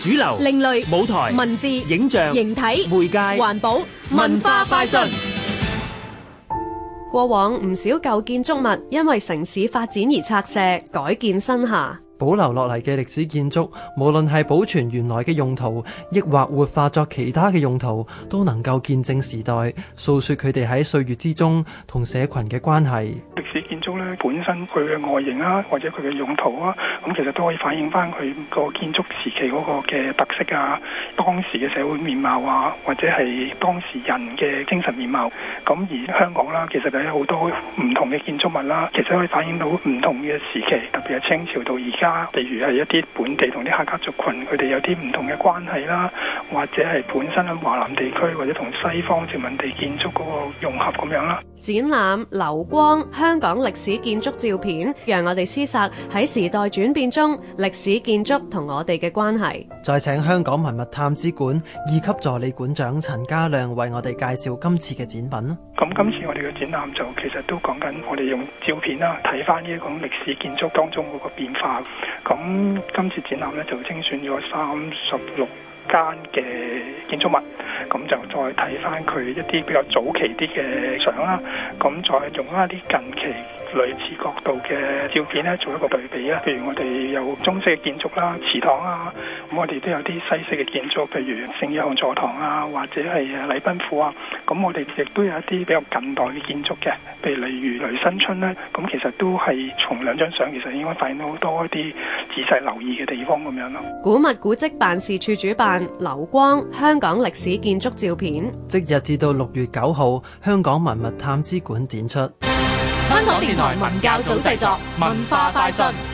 主流、另類、舞台、文字、影像、形體、媒介、環保、文化快訊。過往唔少舊建築物因為城市發展而拆卸，改建新廈。保留落嚟嘅歷史建築，無論係保存原來嘅用途，抑或活化作其他嘅用途，都能夠見證時代，訴說佢哋喺歲月之中同社群嘅關係。 中咧本身佢嘅外形啦，或者佢嘅用途啊，咁其實都可以反映翻佢個建築時期嗰個嘅特色啊，當時嘅社會面貌啊，或者係當時人嘅精神面貌。咁而香港啦，其實有好多唔同嘅建築物啦，其實可以反映到唔同嘅時期，特別係清朝到而家，譬如係一啲本地同啲客家族群，佢哋有啲唔同嘅關係啦，或者係本身喺華南地區或者同西方殖民地建築嗰個融合咁樣啦。展覽流光香港。歷史建築照片讓我哋思索喺時代轉變中歷史建築同我哋嘅關係。咁就再睇翻佢一啲比較早期啲嘅相啦，咁再用一啲近期類似角度嘅照片咧，做一個對比啊。譬如我哋有中式嘅建築啦，祠堂啊，咁我哋都有啲西式嘅建築，譬如聖約翰座堂啊，或者係啊禮賓府啊。咁我哋亦都有一啲比較近代嘅建築嘅，譬如例如雷生春咧。咁其實都係從兩張相，其實應該發現到好多一啲。仔細留意嘅地方咁樣咯。古物古蹟辦事處主辦，劉光，香港歷史建築照片，即日至到六月九號，香港文物探知館展出。香港電台文，文教組製作，嗯、文化快訊。